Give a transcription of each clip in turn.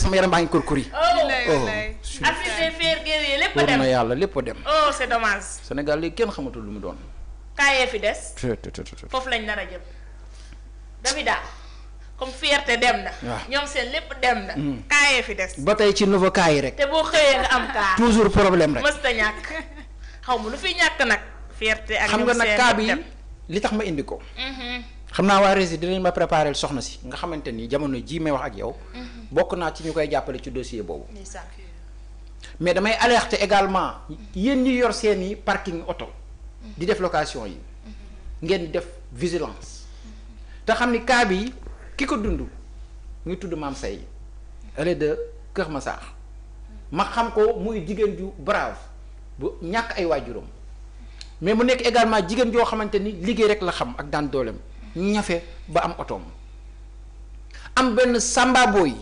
sama yaram baa ngi kurkur yi. oh, oh lépp na yàlla lépp a dem. oh c'est dommage. Sénégal léegi kenn xamatul lu mu doon. kaayee fi des. foofu lañ nar a jëm. Davida comme fierté dem na. ñoom seen lépp dem na. Hmm. kaayee ba tey ci nouveau cas yi rek. te boo xëyee nga am cas. toujours problème rek mësta ñàkk. xaw ma lu fi ñàkk nag. fierté ak ñoom seen xam nga nag li tax ma indi ko. Mm-hmm. xam naa waa rési dinañ ma préparer soxna si nga xamante ni jamono jii may wax ak yow. Mhm. bokk naa ci ñu koy jàppale ci dossier boobu. mais damay alerter également yéen ñi yor seen i parking oto. Mhm. di def location yi. Mhm. ngeen def vigilance. te xam ni cas bi ki ko dund ñu ngi tudd Mame Seye elle de Kër Massar ma xam ko muy jigéen ju brave bu ñàkk ay waajuram mais mu nekk également jigéen joo xamante ni liggéey rek la xam ak daan dooleem. ñafe ba am otoom am benn sàmbaaboo yi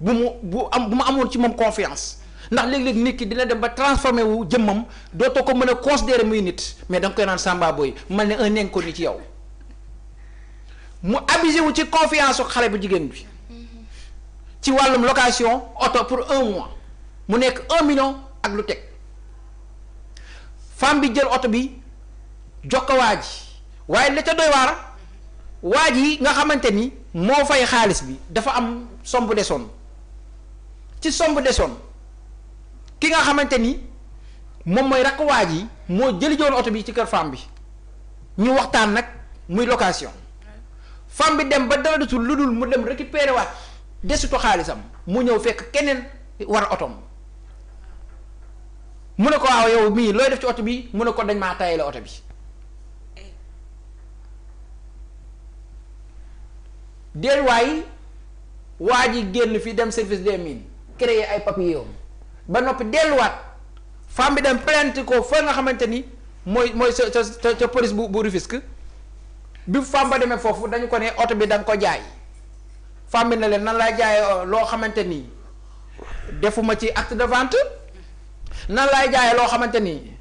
bu mu bu am bu mu amoon ci moom confiance ndax léeg-léeg nit ki dina dem ba transformé wu jëmmam dootoo ko mën a considérer muy nit mais da nga koy naan sàmbaaboo yi mel ne un inconnu ci yow mu abusé wu ci confiance su bu jigéen bi ci wàllum oto pour un mois mu nekk un million ak lu teg femme bi jël oto bi jox ko ji waaye la ca doy waar waa ji nga xamante ni moo fay xaalis bi dafa am somb de desoon ci somb desoon ki nga xamante ni moom mooy rakk waa ji moo jëli joon oto bi ci kër femme bi ñu waxtaan nag muy location femme bi dem ba dara desul lu dul mu dem récupérer waat desutu xaalisam mu ñëw fekk keneen war otom mu ne ko waaw yow mii looy def ci oto bi mu ne ko dañ maa tayale oto bi delluwaay waa ji génn fii dem service de mines créer ay papiers ba noppi delluwaat femme bi dem plainte ko fa nga xamante ni mooy mooy sa sa sa bu bu ba demee foofu dañu ko ne oto bi da nga ko jaay femme bi na leen nan laa jaayee oh, loo xamante nii defuma ci acte de nan laay jaayee loo xamante ni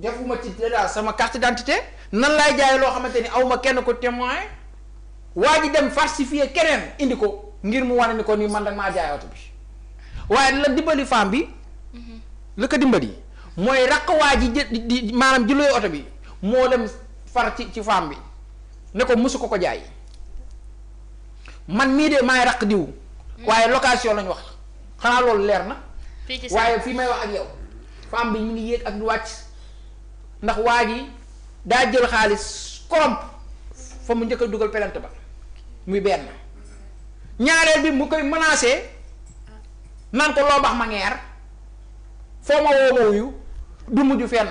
defuma ci dara sama carte d'identité nan laay jaayee loo xamante ni awma kenn ko témoin waa ji dem falsifier keneen indi ko ngir mu wane ni ko ni man rek maa jaay oto bi waaye la dimbali femme bi la ko dimbali mooy raq waa ji di maanaam ji looy oto bi moo dem far ci ci femme bi ne ko mosu ko ko jaay man mii de maay raq diw waaye hmm. location lañ wax xanaa loolu leer na waaye fii may wax ak yow femme bi ñu ngi yéeg ak di ndax waa ji daa jël xaalis koromp fa mu njëkk dugal pelante ba muy benn ñaareel bi mu koy menacé naan ko loo bax ma ngeer foo ma woo ma wuyu du mujj fenn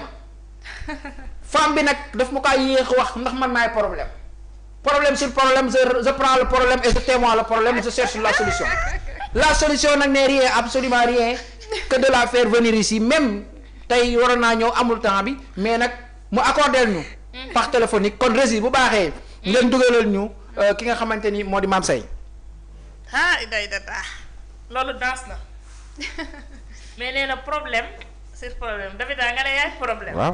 bi nag daf ma kaa yéex wax ndax man maay problème problème sur problème je je prends le problème la solution la solution nag n'est rien absolument rien que de la faire venir ici même tey waroon naa ñëw amul temps bi mais nag mu accordel ñu mm-hmm. par téléphonique kon rési bu baaxee ngeen dugalal ñu Euh, ki nga xamante ni moo di maam say ah day da daa loolu danse na mais nee problème sur problème dafay daa nga ne yaay problème. waaw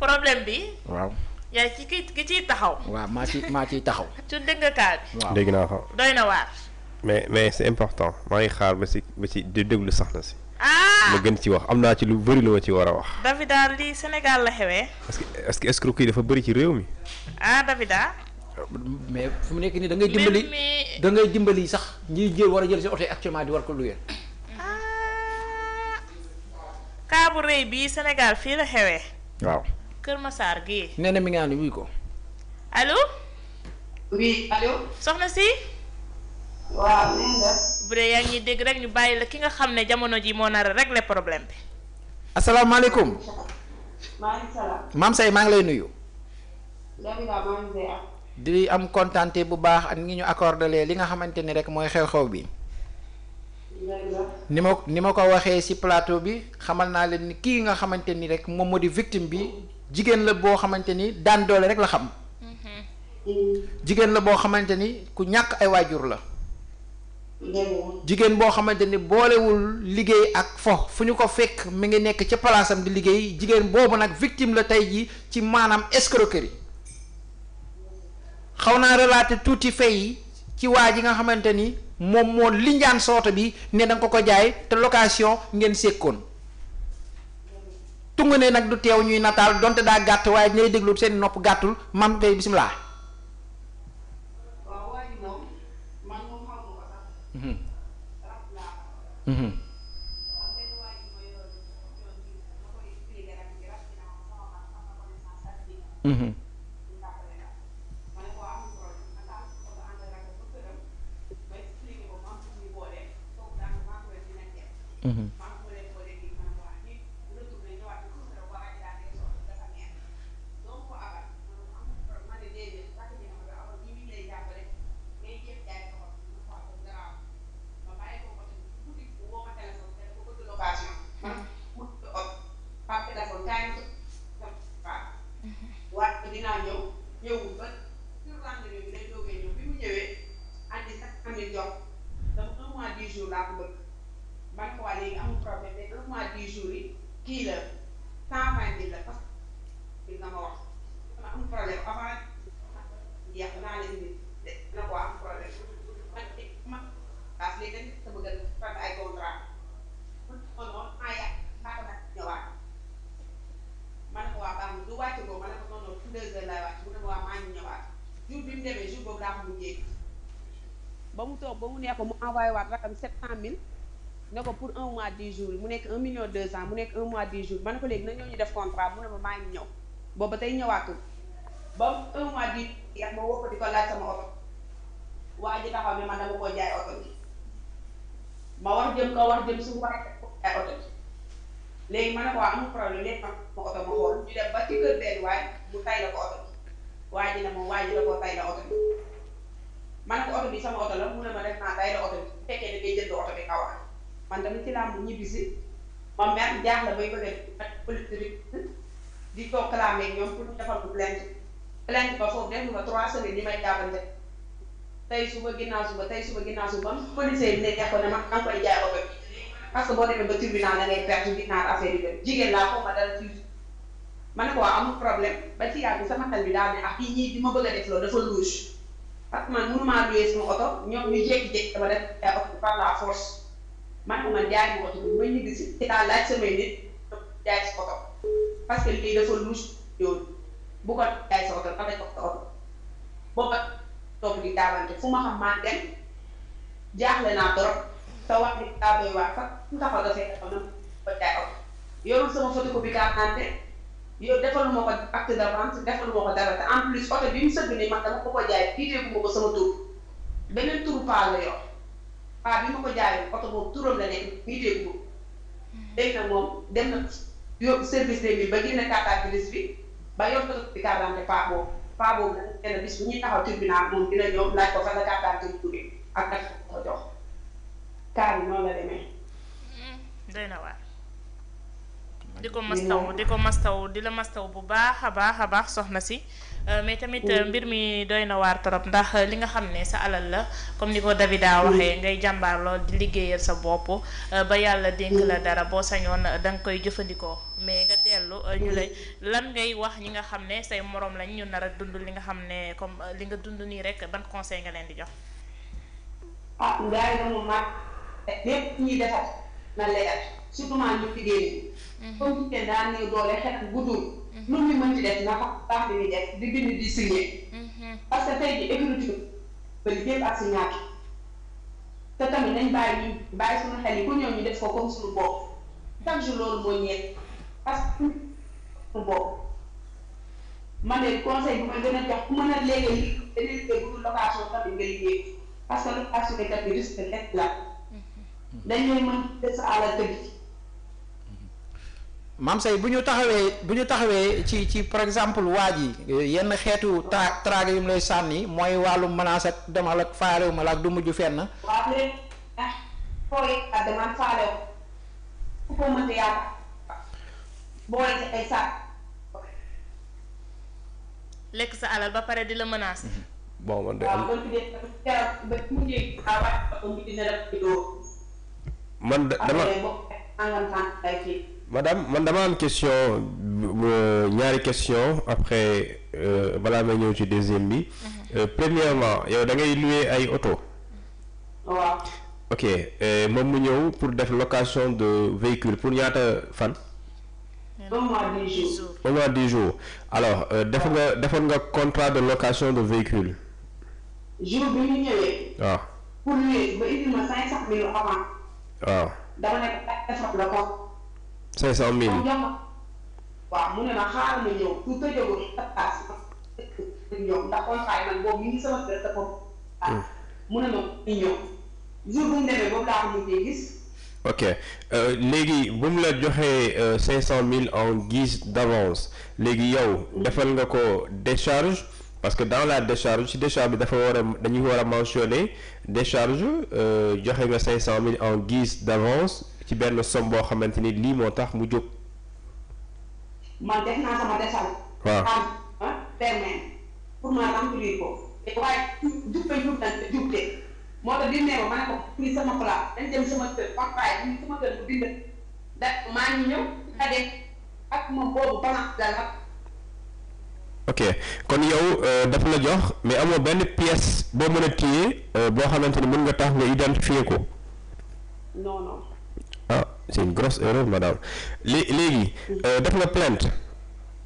problème bi. waaw yaay ci ki ki ciy taxaw. waaw maa ci maa ciy taxaw. su dëgg kaa bi. waaw dégg naa ko. doy na waar. mais mais c'est important maa ngi xaar ba si ba si di déglu sax na si. ma ah! gën ci wax am naa ci lu bëri lu ma ci war a wax. Davida ah, lii Sénégal la xewee. parce que est dafa bëri ci réew mi. ah, ah. mais fu mu nekk nii dangay dimbali dangay ngay dimbali sax ñiy jël war a jël si oto yi actuellement di war ko luyee. kaa ah. bu rëy bii Sénégal fii la xewee. waaw Kër Massar gii. nee na mi nga xam wuy ko. alo oui soxna si. waaw nee bu dee yaa ngi dégg rek ñu bàyyi la ki nga xam ne jamono ji moo nar rek régler problème bi. asalaamaaleykum. maaleykum salaam. maam say maa ngi lay nuyu. di am kontante bu baax ak ñi ñu accordé li nga xamante ni rek mooy xew-xew bi. ni ma ni ma ko waxee ci plateau bi xamal naa leen ni kii nga xamante ni rek moom moo di victime bi jigéen la boo xamante ni daan doole rek la xam. jigéen la boo xamante ni ku ñàkk ay waajur la. jigéen boo xamante ni boolewul liggéey ak fo fu ko fekk mi ngi nekk ca palaasam di liggéey jigéen boobu nag victime la tey ji ci maanaam escroquerie. xaw naa relaté tuuti fay yi ci waa ji nga xamante ni moom moo linjaan sooto bi ne da ko ko jaay te location ngeen sekkoon tungu ne nag du teew ñuy nataal donte daa gàtt waaye ñooy déglu seen nopp gàttul mam tey bisimilah. deux heures laay wàcc mu ne waa maa ngi ñëwaat jour bi mu demee jour boobu daa mu mujjee ba mu toog ba mu nee ko mu envoyé waat rakam sept cent mille ne ko pour un mois dix jours mu nekk un million deux cent mu nekk un mois dix jours ma ne ko léegi na ñoo ñu def contrat mu ne ma maa ngi ñëw boobu ba tey ñëwaatul ba un mois dix jours ma woo ko di ko laaj sama oto waa ji taxaw ne man dama koo jaay oto bi ma wax jëm ko wax jëm suñu waxee ko jaay oto bi léegi ma ne ko waa amul problème léegi ma oto ma xool ñu dem ba ci kër benn waaye mu tay la ko oto bi waa ji ne moom waa ji la koo tay la oto bi ma ne ko oto bi sama oto la mu ne ma def naa tay la oto bi bu fekkee da ngay jënd oto bi kaw man tamit ci laa mu ñibbisi ma mer jaaxle bay bëgg a politique di ko clamé ak ñoom pour ñu defal ko plainte plainte ba foofu def nga trois semaines yi may jàppante tey suba ginnaaw suba tey suba ginnaaw suba policier bi ne ko ne ma nga koy jaay oto bi parce que boo demee ba tribunal da ngay perte ginnaaw affaire yi jigéen laa ko ma dal ma ne ko waaw amul problème ba ci yàgg sama xel bi daal ne ah kii ñii di ma bëgg a def loolu dafa louche parce que man mënumaa luyee sama oto ñoom ñu jékki-jékki dama def ay oto par la force ma ne ko man jaay ma oto bi ma ñu gis ci daal laaj samay nit jaay sa oto parce que lii dafa louche yoon bu ko jaay sa oto dafa def sa oto booba topp di taabante fu ma xam maa dem jaaxle naa trop te wax di daa doy waar sax nga fa defee dafa na ko jaay oto yorul sama photocopie carte d'identité yow defalu ma ko acte de dara te en plus oto bi mu sëgg nii man dama ko ko jaay tiiteeku ma ko sama tur beneen turu paa la paa bi ma ko jaayee oto boobu turam la nekk tiiteeku ma dégg na moom dem na yóbbu service des mines ba génne carte grise bi ba yóbbu ko ci carte d'identité paa boobu paa boobu nag kenn bis bu ñuy taxaw tribunal moom dina ñëw laaj ko fan la carte d'identité bi ak nag ko jox kaar bi noonu la demee. Mm-hmm. doy na waar. di ko mastaw di ko mastaw di la mastaw bu baax a baax a baax soxna si euh, mais tamit euh, mbir mi doy na waar torop ndax euh, li nga xam ne sa alal la comme ni ko Davida waxee ngay jàmbaar di liggéeyal sa bopp ba yàlla dénk la dara boo sañoon da nga koy jëfandikoo mais nga dellu ñu lay lan ngay wax ñi nga xam ne say moroom lañ ñu nar a dund li nga xam ne comme li nga dund nii rek ban conseil nga leen di jox ah, surtout ñu liggéey bi. comme que daan nañu doole xet guddul. Mhm. lu ñu mën ci def nga xam baax li def di bind di signé. Mhm. parce que tey jii écriture ba yëpp ak si ñaar te tamit dañ bàyyi ñu bàyyi suñu xel yi ku ñëw def ko comme suñu bopp chaque jour loolu moo ñeent parce que suñu bopp man de conseil bi ma gën a jox ku mën a léegi dañuy liggéey bu location tamit nga liggéey parce que location bi kat bi risque lekk la dañ lay mën def sa àll tëdd maam bu ñu taxawee bu ñu taxawee ci ci par exemple waa ji yenn xeetu tra traga yu lay sànni mooy wàllu menace ak demal ak faalewu ma la du mujj fenn. waaw ah, léegi ah, lekk sa alal ba pare di la menace. Mhm. man de ah, dama. madame man dama am question euh, ñaari question après euh, balaa may ñëw ci deuxième bi mhm. euh, premièrement yow da ngay louer ay oto waaw ok moom mu ñëw pour def location de véhicule pour ñaata fan au moins dix jours au alors def nga defoon nga contrat de location de véhicule jour bi ñu ñëwee waaw ah. pour louer ba indil ma cinq cent mille avant waaw ah. dama ne cinq cent mille waaw mu ne ma xaaral ma ñëw pour tëjee ko ñëw ndax contrat yi man boobu ñu ngi sama kër te foofu. Hmm. mu ne ma ñu ñëw jour bu mu demee boobu laa ko mujjee gis. Euh, euh, cinq cent mille en guise d'avance léegi yow hmm. defal nga ko décharge parce que dans la décharge si décharge bi dafa war a dañuy war a mentionner décharge euh, joxe nga cinq cent mille en guise d'avance ci benn somme boo xamante ni lii moo tax mu jóg. man def naa sama desal. waaw am permet pour ma remplir ko. ma ne ko prix sama place dañ dem sama kër papaay ñu sama ok kon yow euh, daf la jox mais amoo benn pièce boo mën a téye euh, boo xamante ni mën nga tax nga identifier ko non c'est une grosse erreur madame léegi euh, def nga plainte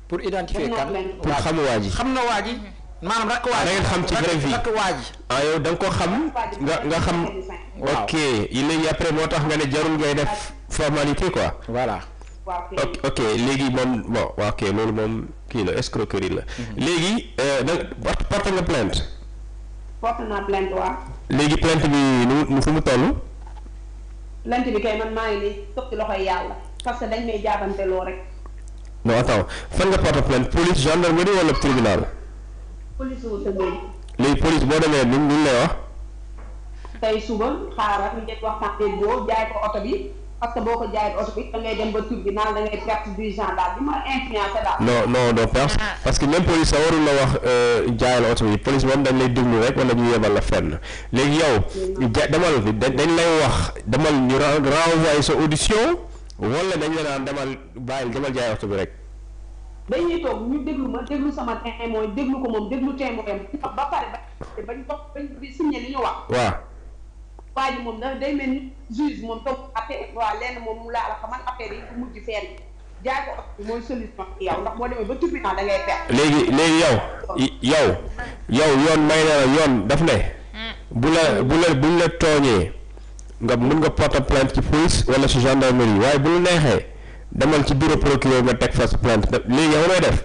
pour identifier kan pour xam waa ji xam na waa ji maanaam xam ci vrai vie waa ji ah yow da nga ko xam nga nga xam ok léegi après moo tax nga ne jarul ngay def formalité quoi voilà ok léegi moom bon waa ok loolu moom kii la escroquerie la mhm. léegi euh, da porte nga plainte léegi plainte bi nu fu mu toll lant bi kay man maa ngi nii sëpp ci loxoy yàlla parce que dañ may jaabante loo rek. non attends fan nga porte plainte police gendarmerie wala tribunal. police wu tënkee. léegi police boo demee ni ñu lay wax. tey suba xaaral wax njëkk waxtaan déggoo jaay ko oto bi. parce que boo ko jaayee oto bi da dem ba tur ah. parce que même police sax warul wax euh, jaayal oto bi police moom dañ lay déglu rek wala ñu yebal la fenn léegi yow. demal dañ lay wax demal ñu renvoyer sa audition wala dañ la naan demal bàyyil demal jaay oto bi rek. dañuy toog ñu déglu ma déglu sama témoin mooy déglu ko moom déglu témoin ba pare ba bañ li ñu wax. waaw. waa ji moom da day mel ni yow ndax boo demee ba léegi léegi yow yow yow yoon may na yoon daf ne hmm. bu la bu la buñ la tooñee nga mën nga porter plainte ci police wala ci gendarmerie waaye bu la neexee demal ci bureau procureur nga teg fa sa plainte léegi yow looy def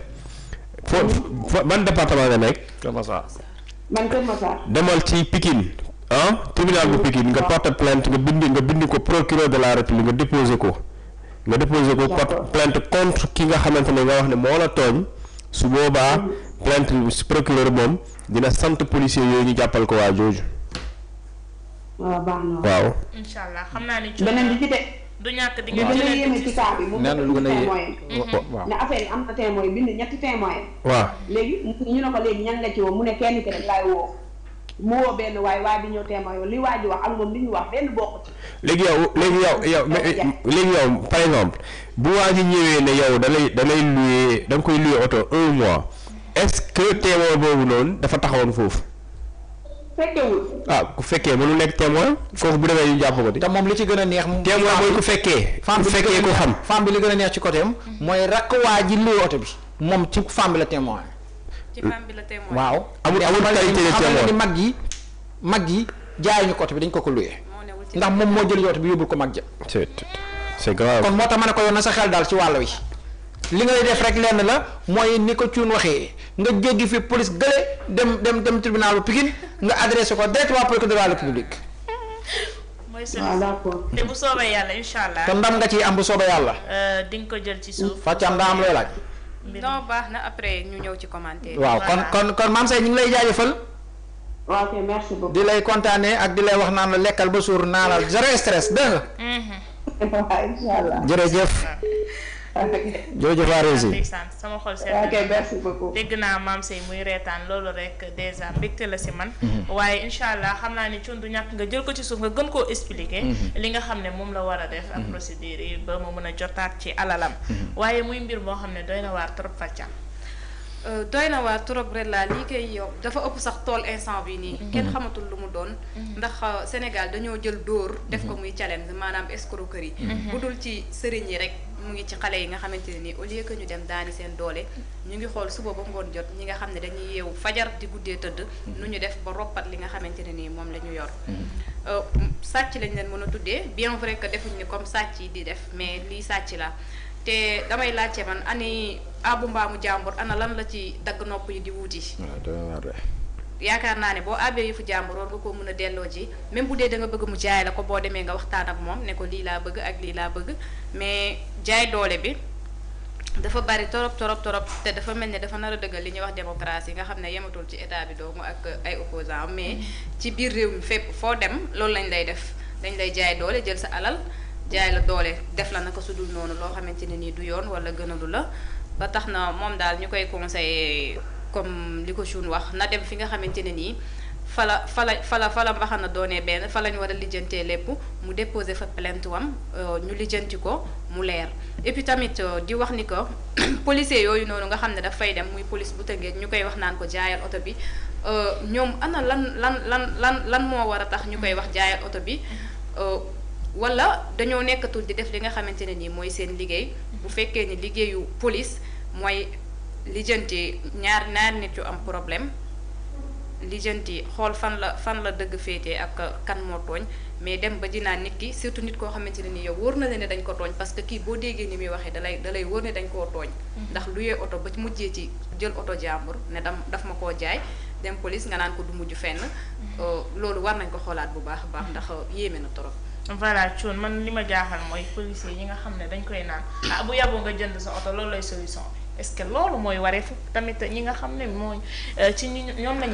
hmm. fo ban département nga nekk. Kër Massar. demal ci Pikine. ah tribunal bu Pikine nga porte plainte nga bind nga bindi ko procureur de la république nga déposé ko nga déposé ko porte plainte contre ki nga xamante ne nga wax ne moo la tooñ su boobaa plainte procureur moom dina sant policier yooyu ñu jàppal ko waa jooju. waaw baax xam naa ne. beneen bi ci di ngeen bi mu bëgg témoin ne affaire yi am na témoin bind ñetti témoin waaw léegi ñu ne ko léegi ñan la ci woo mu ne kenn ki rek woo. mu woo benn waay waay bi ñëw téema yow li waay ji wax ak moom li ñu wax benn bokk ci. léegi yow léegi yow yow léegi yow par exemple bu waa ji ñëwee ne yow da lay da lay koy loué oto un mois est-ce que témoin boobu noonu dafa taxawoon foofu. fekkewul ah ku fekkee mënu nekk témoin foofu bu demee jàpp ko di. te moom li ci gën a neex. témoin mooy ku fekkee. femme bi fekkee ko xam. femme bi gën a neex ci côté mooy rakk waa ji loué oto bi. moom ci femme bi la témoin. ci femme bi la témoin. waaw amul amul qualité de bi dañ ko ko luye. ndax moom moo jël oto bi yóbbul ko mag ja. c'est grave kon moo tax ma ne ko yow na sa xel daal ci wàll wi. li ngay def rek lenn la mooy ni ko cuun waxee nga jéggi fi police gële dem dem dem tribunalu Pikine nga adressé ko directement procureur de la République. mooy te bu soobee yàlla incha allah. te ndam nga ciy am bu soobee yàlla. Euh, di nga ko jël ci suuf. Fatia am daa am non baax na après ñu ñëw ci commentaire waaw kon kon kon maam say ñu ngi lay jaajëfal. waaw di lay kontaanee ak di lay wax naan la lekkal ba suur naanal zéro stress dégg nga. Mhm. waaw jërëjëf. jërëjëf Rési ndeysaan sama xol sedd dégg naa maam Sey muy reetaan loolu rek dèjà mbégte la si man mhm. waaye incha allah xam naa ni cun du ñàkk nga jël ko ci suuf nga gën koo expliquer mhm. li nga xam ne moom la war a def ak mhm. procédure yi ba mu mën a jotaat ci alalam waaye muy mbir moo xam ne doy na waar trop facca Euh, doy na waa trop ren laa lii koy yow dafa ëpp sax tool instant bi nii. Mhm. kenn xamatul lu mu doon. Mhm. ndax euh, Sénégal dañoo jël dóor. def ko mhm. muy challenge maanaam yi bu dul ci sëriñ yi rek mu ngi ci xale yi nga xamante ne nii au lieu que ñu dem daani seen doole. ñu ngi xool suba ba ngoon jot ñi nga xam ne dañuy yeewu fajar di guddee tëdd. lu ñu def ba roppat li nga xamante ne nii moom la ñu yor. Euh, sàcc lañ leen mën a tuddee bien vrai que defuñ ni comme sàcc yi di def mais lii sàcc la. te damay laajte man ani abu mbaamu jàmbur ana lan la ci dagg nopp yi di wuuti. Ah, yaakaar naa ne boo àbbee yëfu jàmbur war nga koo mën a delloo ci même bu dee da bëgg mu jaay la ko boo demee nga waxtaan ak moom ne ko lii laa bëgg ak lii laa bëgg mais jaay doole bi dafa bari torop torop torop te dafa mel ni dafa nar a dëggal li ñuy wax démocratie nga xam ne yematul ci état bi doomu ak ay opposants mais mm. ci biir réew mi fépp foo dem loolu lañ lay def dañ lay jaay doole jël sa alal. jaay la doole def la ko sudul noonu loo xamante ne nii du yoon wala gënalu la ba tax na moom daal ñu koy conseillé comme li ko Choune wax na dem fi nga xamante ne nii fala fala fala fala mbaxana doonee benn fa lañ war a lijjantee lépp mu déposé fa plainte wam euh, ñu lijjanti ko mu leer et tamit euh, di wax ni ko policier yooyu noonu nga xam ne daf fay dem muy police bu tëngee ñu koy wax naan ko jaayal oto bi euh, ñoom ana lan lan lan lan lan moo war a tax ñu koy wax jaayal oto bi wala dañoo nekkatul di def li nga xamante ne nii mooy seen liggéey bu fekkee ni liggéeyu police mooy lijjanti ñaar ñaar nit yu am problème lijjanti xool fan la fan la dëgg féetee ak kan moo tooñ mais dem ba dinaa nit ki surtout nit koo xamante ne nii yow wóor na la ne dañ ko tooñ parce que kii boo déggee ni muy waxee dalay dalay wóor dañ koo tooñ mm-hmm. ndax luyee oto ba mujjee ci jël oto jàmbur ne dam daf ma koo jaay dem police nga naan ko du mujj fenn mm-hmm. euh, loolu war nañ ko xoolaat bu baax a baax ndax yéeme na torop voilà Thion man li ma jaaxal mooy policier yi nga xam ne dañ koy naan ah bu yaboo nga jënd sa oto loolu lay solution bi est-ce que loolu mooy wareefu tamit ñi nga xam ne mooy euh, ci ñi ñoom lañ